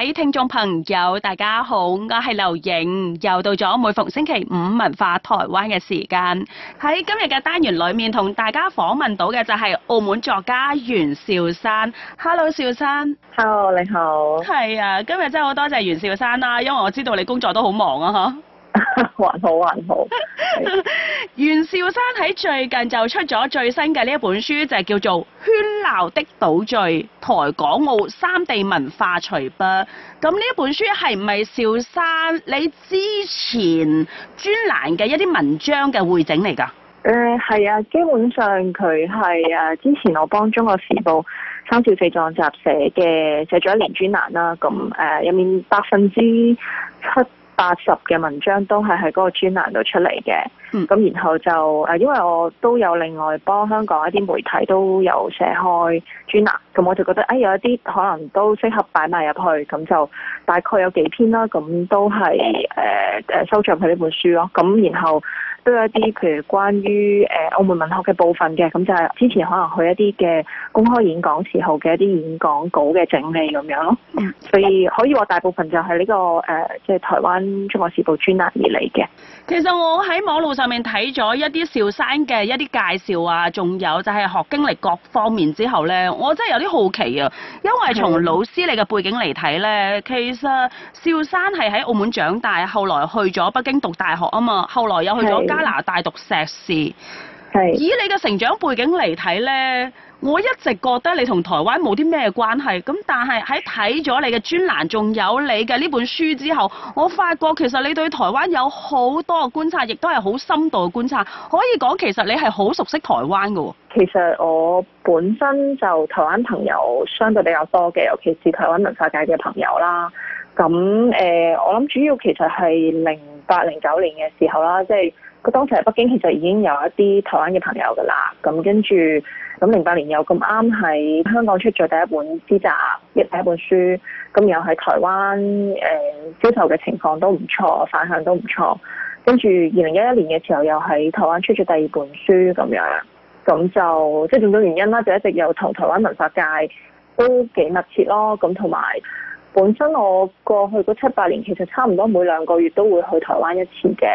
各位聽眾朋友，大家好，我係劉穎，又到咗每逢星期五文化台灣嘅時間。喺今日嘅單元裏面，同大家訪問到嘅就係澳門作家袁紹珊。Hello，紹珊。Hello，你好。係啊，今日真係好多謝袁紹珊啦、啊，因為我知道你工作都好忙啊，嗬。 還好，還好。 袁紹珊喺最近就出咗最新嘅呢一本書，就係、是、叫做《喧鬧的島嶼：台港澳三地文化隨筆》。咁呢一本書係唔係紹珊你之前專欄嘅一啲文章嘅匯整嚟噶？誒係、呃、啊，基本上佢係誒之前我幫《中國時報》三少四壯》集寫嘅，寫咗一年專欄啦。咁誒入面百分之七八十嘅文章都係喺嗰個專欄度出嚟嘅，咁、嗯、然後就誒，因為我都有另外幫香港一啲媒體都有寫開專欄，咁我就覺得誒、哎、有一啲可能都適合擺埋入去，咁就大概有幾篇啦，咁都係誒誒收藏佢呢本書咯，咁然後。都有一啲，譬如關於誒、呃、澳門文學嘅部分嘅，咁就係之前可能去一啲嘅公開演講時候嘅一啲演講稿嘅整理咁樣咯。嗯，所以可以話大部分就係呢、這個誒，即、呃、係、就是、台灣《中國時報》專欄而嚟嘅。其實我喺網路上面睇咗一啲紹珊嘅一啲介紹啊，仲有就係學經歷各方面之後咧，我真係有啲好奇啊，因為從老師你嘅背景嚟睇咧，的其實紹珊係喺澳門長大，後來去咗北京讀大學啊嘛，後來又去咗。加拿大讀碩士，係是以你嘅成長背景嚟睇呢，我一直覺得你同台灣冇啲咩關係。咁但係喺睇咗你嘅專欄，仲有你嘅呢本書之後，我發覺其實你對台灣有好多嘅觀察，亦都係好深度嘅觀察。可以講其實你係好熟悉台灣嘅。其實我本身就台灣朋友相對比較多嘅，尤其是台灣文化界嘅朋友啦。咁誒、呃，我諗主要其實係零八、零九年嘅時候啦，即係。個當時喺北京其實已經有一啲台灣嘅朋友㗎啦，咁跟住咁零八年又咁啱喺香港出咗第一本詩集，第一本書，咁又喺台灣誒銷售嘅情況都唔錯，反響都唔錯，跟住二零一一年嘅時候又喺台灣出咗第二本書咁樣，咁就即係種種原因啦，就一直又同台灣文化界都幾密切咯，咁同埋本身我過去嗰七八年其實差唔多每兩個月都會去台灣一次嘅。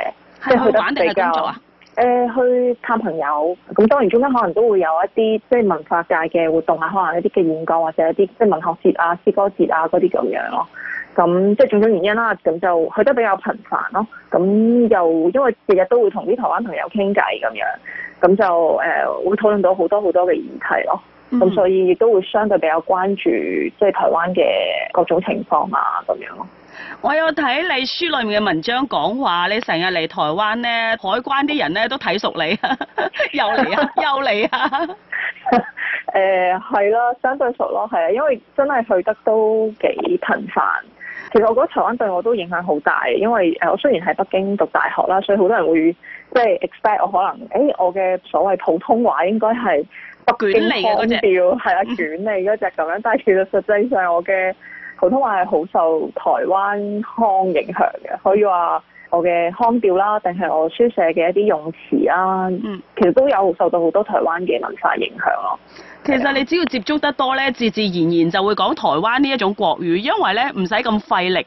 即係去得比較，誒、呃、去探朋友。咁、嗯、當然中間可能都會有一啲即係文化界嘅活動啊，可能一啲嘅演講或者一啲即係文學節啊、詩歌節啊嗰啲咁樣咯。咁即係種種原因啦，咁就去得比較頻繁咯。咁又因為日日都會同啲台灣朋友傾偈咁樣，咁就誒會討論到好多好多嘅議題咯。咁所以亦都會相對比較關注即係台灣嘅各種情況啊咁樣咯。嗯嗯。我有睇你書裡面嘅文章，講話你成日嚟台灣咧，海關啲人咧都睇熟你。呵呵又嚟啊！又嚟啊！誒、 呃，係啦，相對熟咯，係啊，因為真係去得都幾頻繁。其實我覺得台灣對我都影響好大，因為誒，我雖然喺北京讀大學啦，所以好多人會即係、就是、expect 我可能，誒、欸，我嘅所謂普通話應該係北京嚟嘅嗰隻，係啦，捲嚟嗰隻咁樣。但係其實實際上我嘅普通話係好受台灣腔影響嘅，可以話我嘅腔調啦，定係我書寫嘅一啲用詞啊，嗯、其實都有受到好多台灣嘅文化影響咯。其實你只要接觸得多咧，自自然然就會講台灣呢一種國語，因為咧唔使咁費力，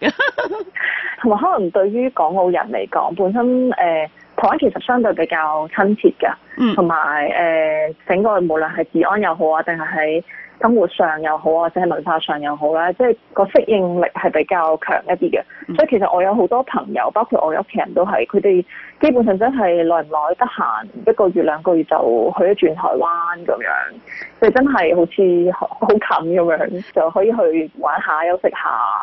同 埋可能對於港澳人嚟講，本身誒、呃、台灣其實相對比較親切㗎，嗯，同埋誒整個無論係治安又好啊，定係喺，生活上又好啊，或者文化上又好啦，即係個適應力係比較強一啲嘅。嗯。所以其實我有好多朋友，包括我屋企人都係，佢哋基本上真係耐唔耐得閒，一個月兩個月就去一轉台灣咁樣，即係真係好似好近咁樣，就可以去玩下休息下。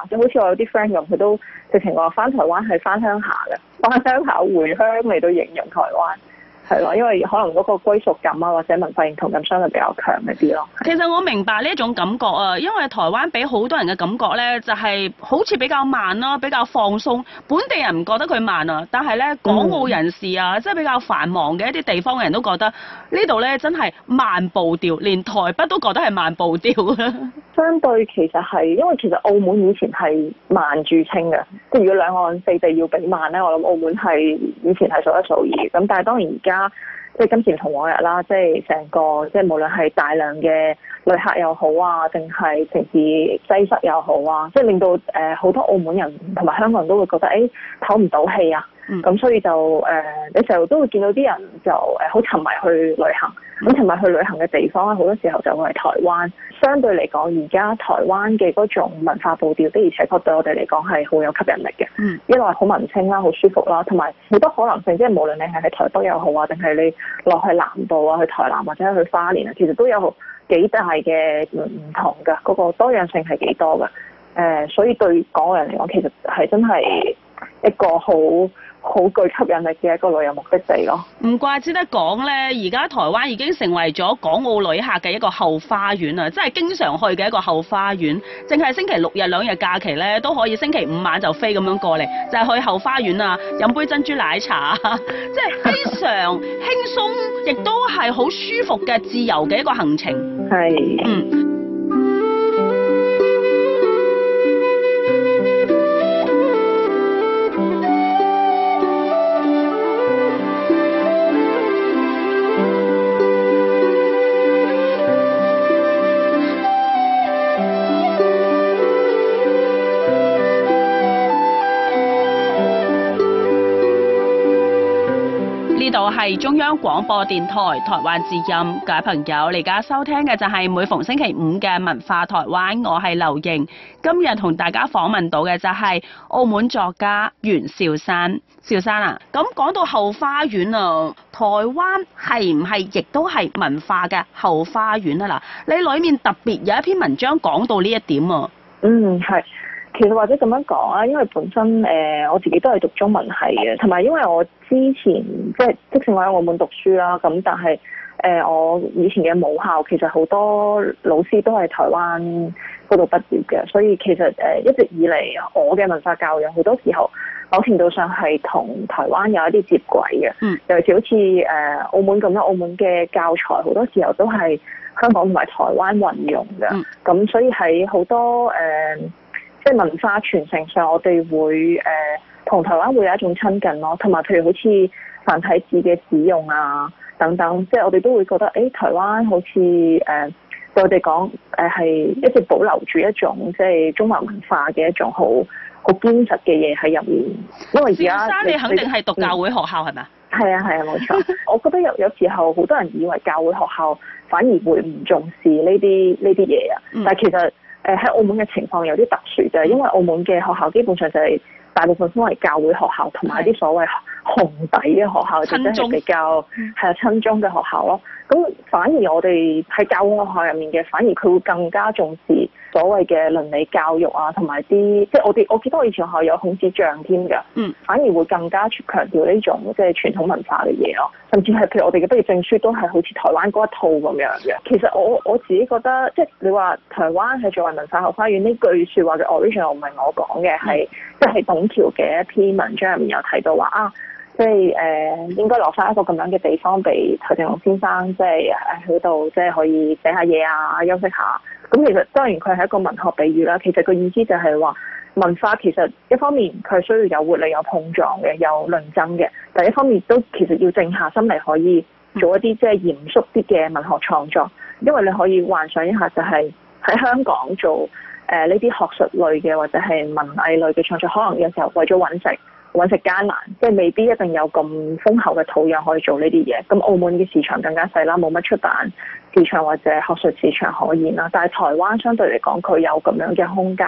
咁好似我有啲 friend 咁，佢都直情話翻台灣係翻鄉下嘅，翻鄉下回鄉嚟到形容台灣。係咯，因為可能嗰個歸屬感啊，或者文化認同感相對比較強一啲咯。其實我明白呢種感覺啊，因為台灣俾好多人嘅感覺咧，就係好似比較慢咯，比較放鬆。本地人唔覺得佢慢啊，但係咧港澳人士啊，嗯、即係比較繁忙嘅一啲地方嘅人都覺得呢度咧真係慢步調，連台北都覺得係慢步調啊！ 相對其實係，因為其實澳門以前係慢著稱嘅，即係如果兩岸四地要比慢咧，我諗澳門係以前係數一數二。咁但係當然而家即係今時唔同往日啦，即係成個即係無論係大量嘅旅客又好啊，定係城市擠塞又好啊，即係令到誒好、呃、多澳門人同埋香港人都會覺得誒唞唔到氣啊。咁、嗯、所以就誒、呃，你成日都會見到啲人就誒好沉迷去旅行。咁同埋去旅行嘅地方咧，好多時候就會係台灣。相對嚟講，而家台灣嘅嗰種文化步調的而且確對我哋嚟講係好有吸引力嘅。嗯，一來好文青啦，好舒服啦，同埋好多可能性，即係無論你係喺台北又好啊，定係你落去南部啊、去台南或者去花蓮啊，其實都有幾大嘅唔同㗎，嗰個多樣性係幾多㗎。誒、呃，所以對港澳人嚟講，其實係真係一個好好具吸引力嘅一個旅遊目的地咯，唔怪之得講呢，而家台灣已經成為咗港澳旅客嘅一個後花園啊！即係經常去嘅一個後花園，淨係星期六日兩日假期呢，都可以，星期五晚就飛咁樣過嚟，就係去後花園啊，飲杯珍珠奶茶嚇，即係非常輕鬆，亦 都係好舒服嘅自由嘅一個行程。係。 嗯。係中央廣播電台台灣之音，各位朋友，你而家收聽嘅就係每逢星期五嘅文化台灣，我係劉瑩。今日同大家訪問到嘅就係澳門作家袁紹珊。紹珊啊，咁講到後花園啊，台灣係唔係亦都係文化嘅後花園啊？嗱，你裏面特別有一篇文章講到呢一點啊。嗯，係。其實或者咁樣講啊，因為本身誒、呃、我自己都係讀中文系嘅，同埋因為我之前即係即使我喺澳門讀書啦，咁但係誒、呃、我以前嘅母校其實好多老師都係台灣嗰度畢業嘅，所以其實誒、呃、一直以嚟我嘅文化教育好多時候某程度上係同台灣有一啲接軌嘅。嗯，尤其好似誒澳門咁樣，澳門嘅教材好多時候都係香港同埋台灣運用嘅。嗯，咁所以喺好多誒、呃即係文化傳承上，我哋會誒同、呃、台灣會有一種親近咯，同埋譬如好似繁體字嘅使用啊等等，即係我哋都會覺得，誒、欸、台灣好似誒、呃、對我哋講誒係一直保留住一種即係中華文化嘅一種好好堅實嘅嘢喺入面。因為而家你，先生，你肯定係讀教會學校係咪 啊？係啊係啊冇錯。我覺得有有時候好多人以為教會學校反而會唔重視呢啲呢啲嘢啊，嗯、但係其實。誒喺、呃、澳門嘅情況有啲特殊嘅，因為澳門嘅學校基本上就係大部分都係教會學校，同埋啲所謂紅底嘅學校，就真係比較係親中嘅學校咯。咁、嗯、反而我哋喺教會學校入面嘅，反而佢會更加重視。所謂嘅倫理教育啊，同埋啲即係我哋，我記得我以前學校有孔子像添嘅，嗯，反而會更加強調呢種即係傳統文化嘅嘢咯。甚至係譬如我哋嘅畢業證書都係好似台灣嗰一套咁樣嘅。其實我我自己覺得，即係你話台灣係作為文化後花園呢句説話嘅 original 唔係我講嘅，係即係董橋嘅一篇文章入面有提到話啊，即係誒、呃、應該留翻一個咁樣嘅地方俾台正龍先生，即係喺度即係可以寫下嘢啊，休息下。咁其實當然佢係一個文學比喻啦，其實個意思就係話文化其實一方面佢需要有活力、有碰撞嘅、有論爭嘅，但一方面都其實要靜下心嚟可以做一啲即係嚴肅啲嘅文學創作，因為你可以幻想一下就係喺香港做誒呢啲學術類嘅或者係文藝類嘅創作，可能有時候為咗揾食揾食艱難，即係未必一定有咁豐厚嘅土壤可以做呢啲嘢。咁澳門嘅市場更加細啦，冇乜出版。市場或者學術市場可言啦，但係台灣相對嚟講，佢有咁樣嘅空間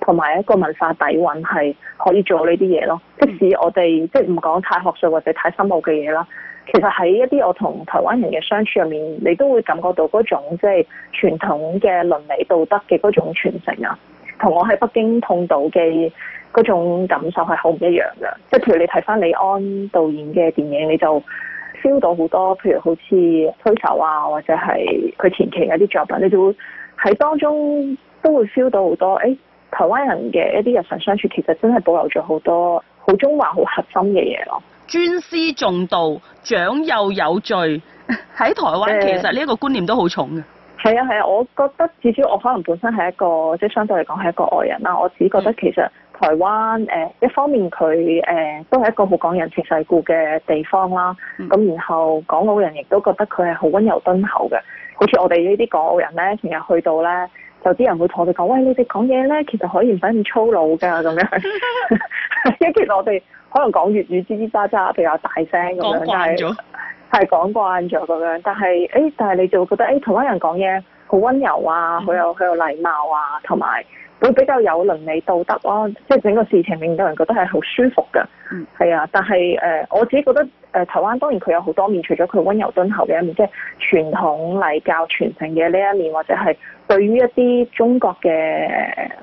同埋一個文化底蘊係可以做呢啲嘢咯。即使我哋即係唔講太學術或者太深奧嘅嘢啦，其實喺一啲我同台灣人嘅相處入面，你都會感覺到嗰種即係、就是、傳統嘅倫理道德嘅嗰種傳承啊，同我喺北京碰到嘅嗰種感受係好唔一樣嘅。即係譬如你睇返李安導演嘅電影，你就 feel 到好多，譬如好似推手啊，或者係佢前期有啲作品，你就會喺當中都會 feel 到好多。誒、欸，台灣人嘅一啲日常相處，其實真係保留咗好多好中華、好核心嘅嘢咯。尊師重道、長幼有序，喺 台灣其實呢一個觀念都好重嘅。係、欸、啊係啊，我覺得至少我可能本身係一個，即係相對嚟講係一個外人啦。我只覺得其實。嗯台灣誒、呃、一方面佢誒、呃、都係一個好講人情世故嘅地方啦，咁、嗯、然後港澳人亦都覺得佢係好溫柔敦厚嘅，好似我哋呢啲港澳人咧，成日去到咧，就啲人會同我哋講：喂，你哋講嘢咧，其實可以唔使咁粗魯噶咁樣。 因為其實我哋可能講粵語吱吱喳喳比較大聲咁樣，但係係講慣咗咁樣。但係誒，但係你就會覺得誒、哎，台灣人講嘢好溫柔啊，好、嗯、有好有禮貌啊，同埋。會比較有倫理道德咯、啊，即係整個事情令到人覺得係好舒服嘅。嗯，係啊，但係誒、呃，我自己覺得誒、呃，台灣當然佢有好多面，除咗佢温柔敦厚嘅一面，即係傳統禮教傳承嘅呢一面，或者係對於一啲中國嘅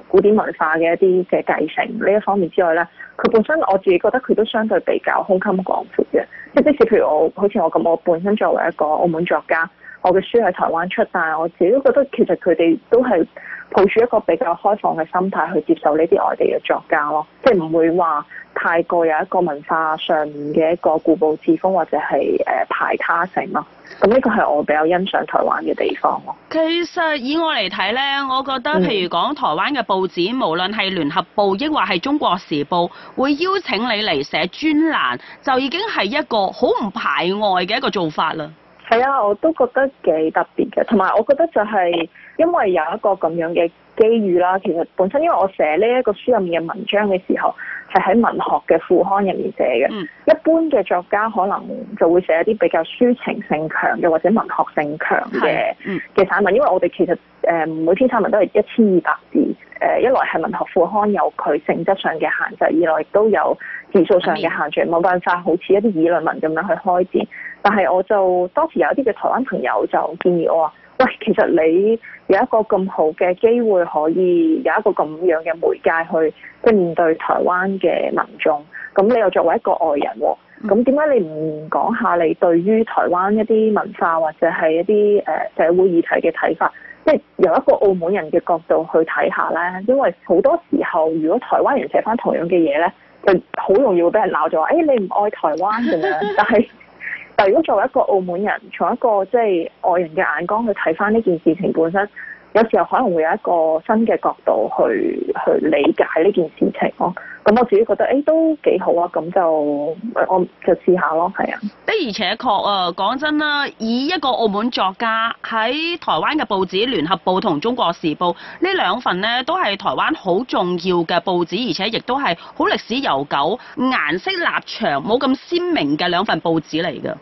古典文化嘅一啲嘅繼承呢一方面之外咧，佢本身我自己覺得佢都相對比較胸襟廣闊嘅，即係即使譬如我，好似我咁，我本身作為一個澳門作家。我嘅書喺台灣出，但係我自己都覺得其實佢哋都係抱住一個比較開放嘅心態去接受呢啲外地嘅作家咯，即係唔會話太過有一個文化上面嘅一個固步自封或者係誒、呃、排他性咯。咁呢個係我比較欣賞台灣嘅地方咯。其實以我嚟睇呢，我覺得譬如講台灣嘅報紙，嗯、無論係聯合報抑或係中國時報，會邀請你嚟寫專欄，就已經係一個好唔排外嘅一個做法啦。係啊，我都覺得幾特別嘅，同埋我覺得就係、是。因為有一個咁樣嘅機遇啦，其實本身因為我寫呢一個書入面嘅文章嘅時候，係喺文學嘅副刊入面寫嘅。嗯。一般嘅作家可能就會寫一啲比較抒情性強嘅或者文學性強嘅嘅散文，因為我哋其實誒，呃，每篇散文都係一千二百字。誒，呃，一來係文學副刊有佢性質上嘅限制，二來亦都有字數上嘅限制，冇辦法好似一啲議論文咁樣去開展。但係我就當時有一啲嘅台灣朋友就建議我話。喂，其實你有一個咁好嘅機會，可以有一個咁樣嘅媒介去即面對台灣嘅民眾，咁你又作為一個外人喎，咁點解你唔講下你對於台灣一啲文化或者係一啲誒社會議題嘅睇法，即係由一個澳門人嘅角度去睇下咧？因為好多時候，如果台灣人寫翻同樣嘅嘢咧，就好容易會俾人鬧住話，誒你唔愛台灣咁樣，但係。 但係，如果作為一個澳門人，從一個即係外人嘅眼光去睇翻呢件事情本身，有時候可能會有一個新嘅角度去去理解呢件事情咯。咁我自己覺得誒、欸、都幾好啊，咁就我就試下咯，係啊。的而且確啊，講真啦，以一個澳門作家喺台灣嘅報紙《聯合報》同《中國時報》呢兩份呢，都係台灣好重要嘅報紙，而且亦都係好歷史悠久、顏色立場冇咁鮮明嘅兩份報紙嚟㗎。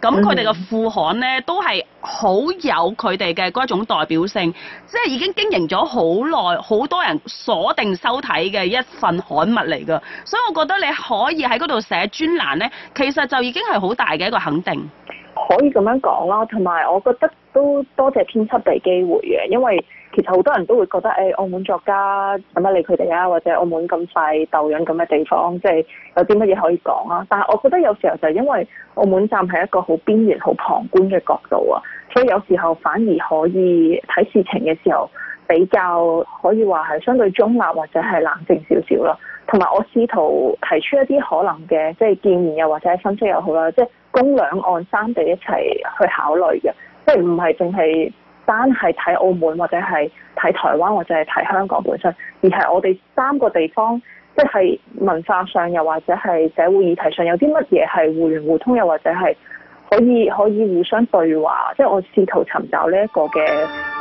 咁佢哋嘅副刊呢，都係好有佢哋嘅嗰種代表性，即係已經經營咗好耐，好多人鎖定收睇嘅一份刊物嚟噶，所以我覺得你可以喺嗰度寫專欄呢，其實就已經係好大嘅一個肯定。可以咁樣講啦，同埋我覺得都多謝編輯俾機會嘅，因為其實好多人都會覺得誒，澳門作家點樣嚟佢哋啊，或者澳門咁快豆樣咁嘅地方，即係有啲乜嘢可以講啊。但係我覺得有時候就因為澳門站係一個好邊緣、好旁觀嘅角度啊，所以有時候反而可以睇事情嘅時候比較可以話係相對中立或者係冷靜少少咯。同埋我試圖提出一啲可能嘅，即係建議又或者分析又好啦，即係供兩岸三地一齊去考慮嘅，即係唔係淨係單係睇澳門或者係睇台灣或者係睇香港本身，而係我哋三個地方，即係文化上又或者係社會議題上有啲乜嘢係互聯互通又或者係可以可以互相對話，即係我試圖尋找呢一個嘅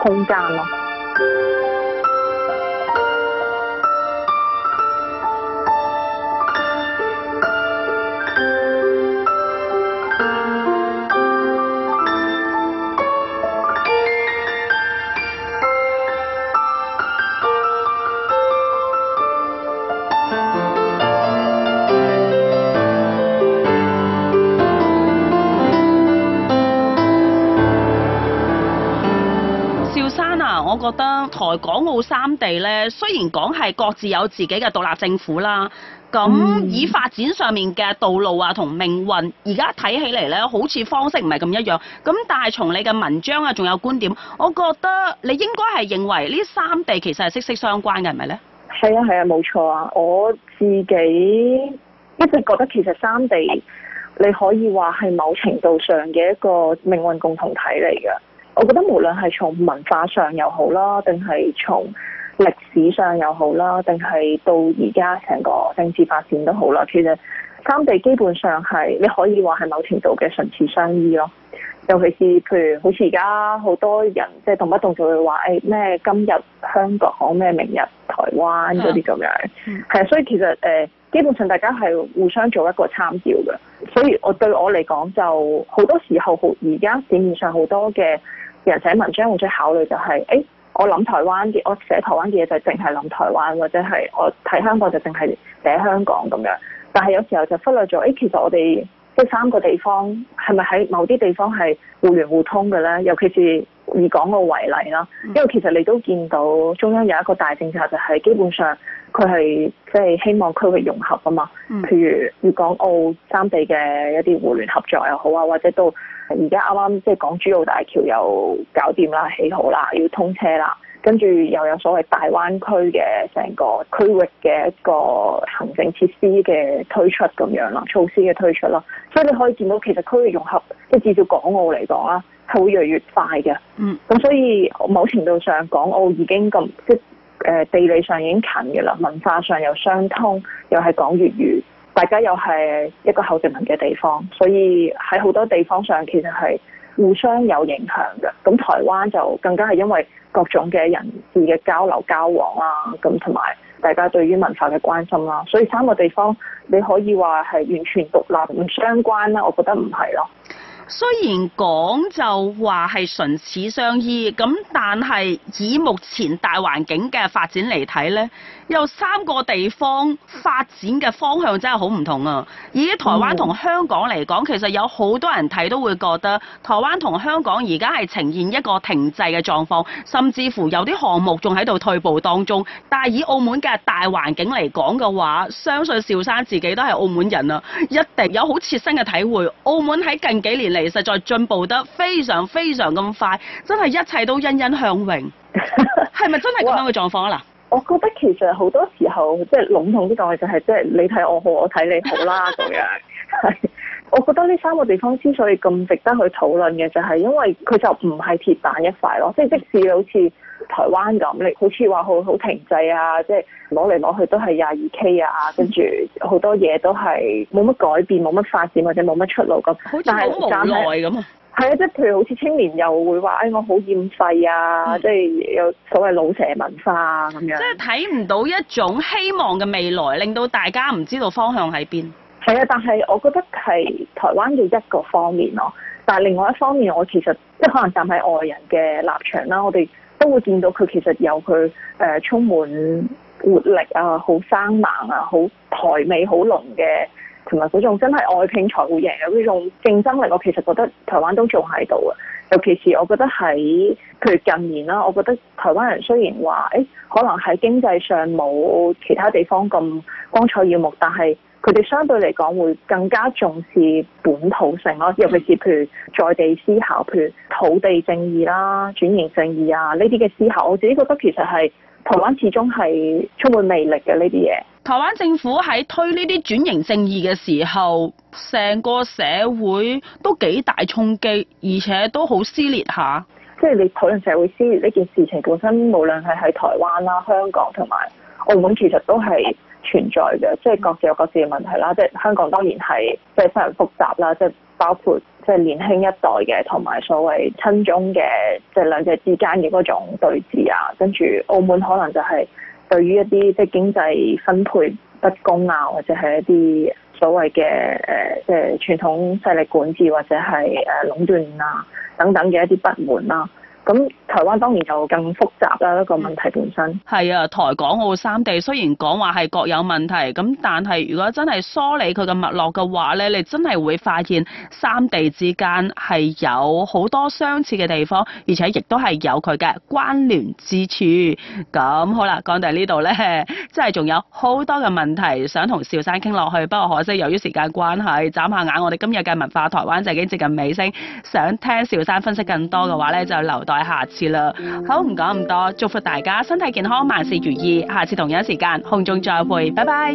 空間咯。覺得台港澳三地咧，雖然講係各自有自己嘅獨立政府啦，咁以發展上面嘅道路啊同命運，而家睇起嚟咧，好似方式唔係咁一樣。咁但係從你嘅文章啊，仲有觀點，我覺得你應該係認為呢三地其實係息息相關嘅，係咪呢？係啊，係啊，冇錯啊，啊！我自己一直覺得，其實三地你可以話係某程度上嘅一個命運共同體嚟嘅。我覺得無論係從文化上又好啦，定係從歷史上又好啦，定係到而家成個政治發展都好啦，其實三地基本上係你可以話係某程度嘅唇齒相依咯。尤其是譬如好似而家好多人即係動不動就會話誒咩今日香港咩，明日台灣嗰啲咁樣，係啊、嗯嗯，所以其實誒。呃基本上大家係互相做一個參照嘅，所以我對我嚟講就好多時候好而家市面上好多嘅人寫文章會出考慮就係、是，誒、欸、我諗台灣嘅，我寫台灣嘅嘢就係淨係諗台灣，或者係我睇香港就淨係寫香港咁樣，但係有時候就忽略咗，誒、欸、其實我哋。即係三個地方係咪喺某啲地方係互聯互通嘅咧？尤其是以港澳為例啦，因為其實你都見到中央有一個大政策，就係基本上佢係即係希望區域融合噶嘛。譬如粵港澳三地嘅一啲互聯合作又好啊，或者到而家啱啱即係港珠澳大橋又搞掂啦，起好啦，要通車啦。跟住又有所謂大灣區嘅成個區域嘅一個行政設施嘅推出咁樣啦，措施嘅推出咯，所以你可以見到其實區域融合，即係至少港澳嚟講啦，係會越嚟越快嘅。嗯。咁所以某程度上，港澳已經咁即係誒地理上已經近嘅啦，文化上又相通，又係講粵語，大家又係一個後殖民嘅地方，所以喺好多地方上其實係互相有影響嘅，咁台灣就更加係因為各種嘅人士嘅交流交往啦、啊，咁同埋大家對於文化嘅關心啦、啊，所以三個地方你可以話係完全獨立唔相關啦、啊，我覺得唔係咯。雖然講就話係唇齒相依，咁但係以目前大環境嘅發展嚟睇呢，有三個地方發展嘅方向真係好唔同啊！以台灣同香港嚟講，其實有好多人睇都會覺得台灣同香港而家係呈現一個停滯嘅狀況，甚至乎有啲項目仲喺度退步當中。但係以澳門嘅大環境嚟講嘅話，相信紹珊自己都係澳門人啊，一定有好切身嘅體會。澳門喺近幾年嚟，其實，在進步得非常非常咁快，真係一切都欣欣向榮，係 咪真係咁樣嘅狀況啊？嗱，我覺得其實好多時候，即係籠統啲講，就係即係你睇我好，我睇你好啦咁樣。係， 我覺得呢三個地方之所以咁值得去討論嘅，就係因為佢就唔係鐵板一塊咯。即係即使好似。台灣咁，你好似話好好停滯啊，即係攞嚟攞去都係廿二 K 啊，跟住好多嘢都係冇乜改變，冇乜發展或者冇乜出路咁，好似好無奈咁啊。係啊，即係譬如好似青年又會話，誒、哎，我好厭世啊，嗯、即係有所謂老成文化啊，咁樣。即係睇唔到一種希望嘅未來，令到大家唔知道方向喺邊。係啊，但係我覺得係台灣嘅一個方面咯、啊。但係另外一方面，我其實即係可能站喺外人嘅立場啦、啊，我哋。都會見到佢其實有佢誒、呃、充滿活力啊，好生猛啊，好台美好濃嘅，同埋嗰種真係愛拼才會贏嘅呢種競爭力，我其實覺得台灣都仲喺度啊。尤其是我覺得喺譬如近年啦，我覺得台灣人雖然話誒，可能喺經濟上冇其他地方咁光彩耀目，但係，佢哋相對嚟講會更加重視本土性咯，尤其是譬如在地思考，譬如土地正義啦、轉型正義啊呢啲嘅思考，我自己覺得其實，係台灣始終，係充滿魅力嘅呢啲嘢。台灣政府喺推呢啲轉型正義嘅時候，成個社會都幾大衝擊，而且都好撕裂下。即係你討論社會撕裂呢件事情本身，無論係喺台灣啦、香港同埋澳門，其實都係。存在嘅，即係各自有各自嘅問題啦。即係香港當然係即係非常複雜啦，即係包括即係年輕一代嘅同埋所謂親中嘅即係兩者之間嘅嗰種對峙啊。跟住澳門可能就係對於一啲即係經濟分配不公啊，或者係一啲所謂嘅誒即係傳統勢力管治或者係誒壟斷啊等等嘅一啲不滿啦。咁台灣當然就更複雜啦，呢個問題本身係啊，台港澳三地雖然講話係各有問題，咁但係如果真係梳理佢嘅脈絡嘅話咧，你真係會發現三地之間係有好多相似嘅地方，而且亦都係有佢嘅關聯之處，咁好啦，講到呢度咧，即係仲有好多嘅問題想同紹珊傾落去，不過可惜由於時間關係，眨下眼我哋今日嘅文化台灣就已經接近尾聲，想聽紹珊分析更多嘅話咧，就留。改下次啦，好，唔講咁多，祝福大家身體健康，萬事如意。下次同樣時間空中再會，拜拜。